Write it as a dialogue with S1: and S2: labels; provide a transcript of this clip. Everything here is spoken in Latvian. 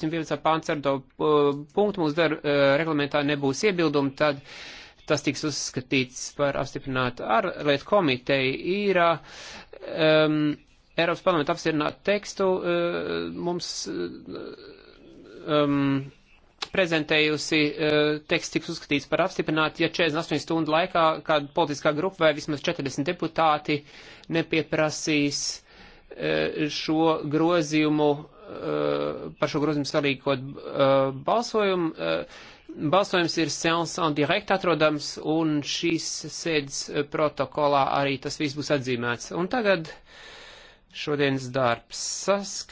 S1: 111. pāns ar to punktu mūsu darba uh, reglamentā nebūs iebildumi, tad tas tiks uzskatīts par apstiprinātu ārlietu komiteju. Ir uh, um, Eiropas parlamenta apstiprināt tekstu uh, mums uh, um, prezentējusi, uh, teksts tiks uzskatīts par apstiprinātu, ja 48 stundu laikā kāda politiskā grupa vai vismaz 40 deputāti nepieprasīs uh, šo grozījumu Eh, par šo grozījumu sarīkot eh, balsojumu. Eh, balsojums ir seans en direct atrodams, un šīs sēdes protokolā arī tas viss būs atzīmēts. Un tagad šodienas darbs saskaņā.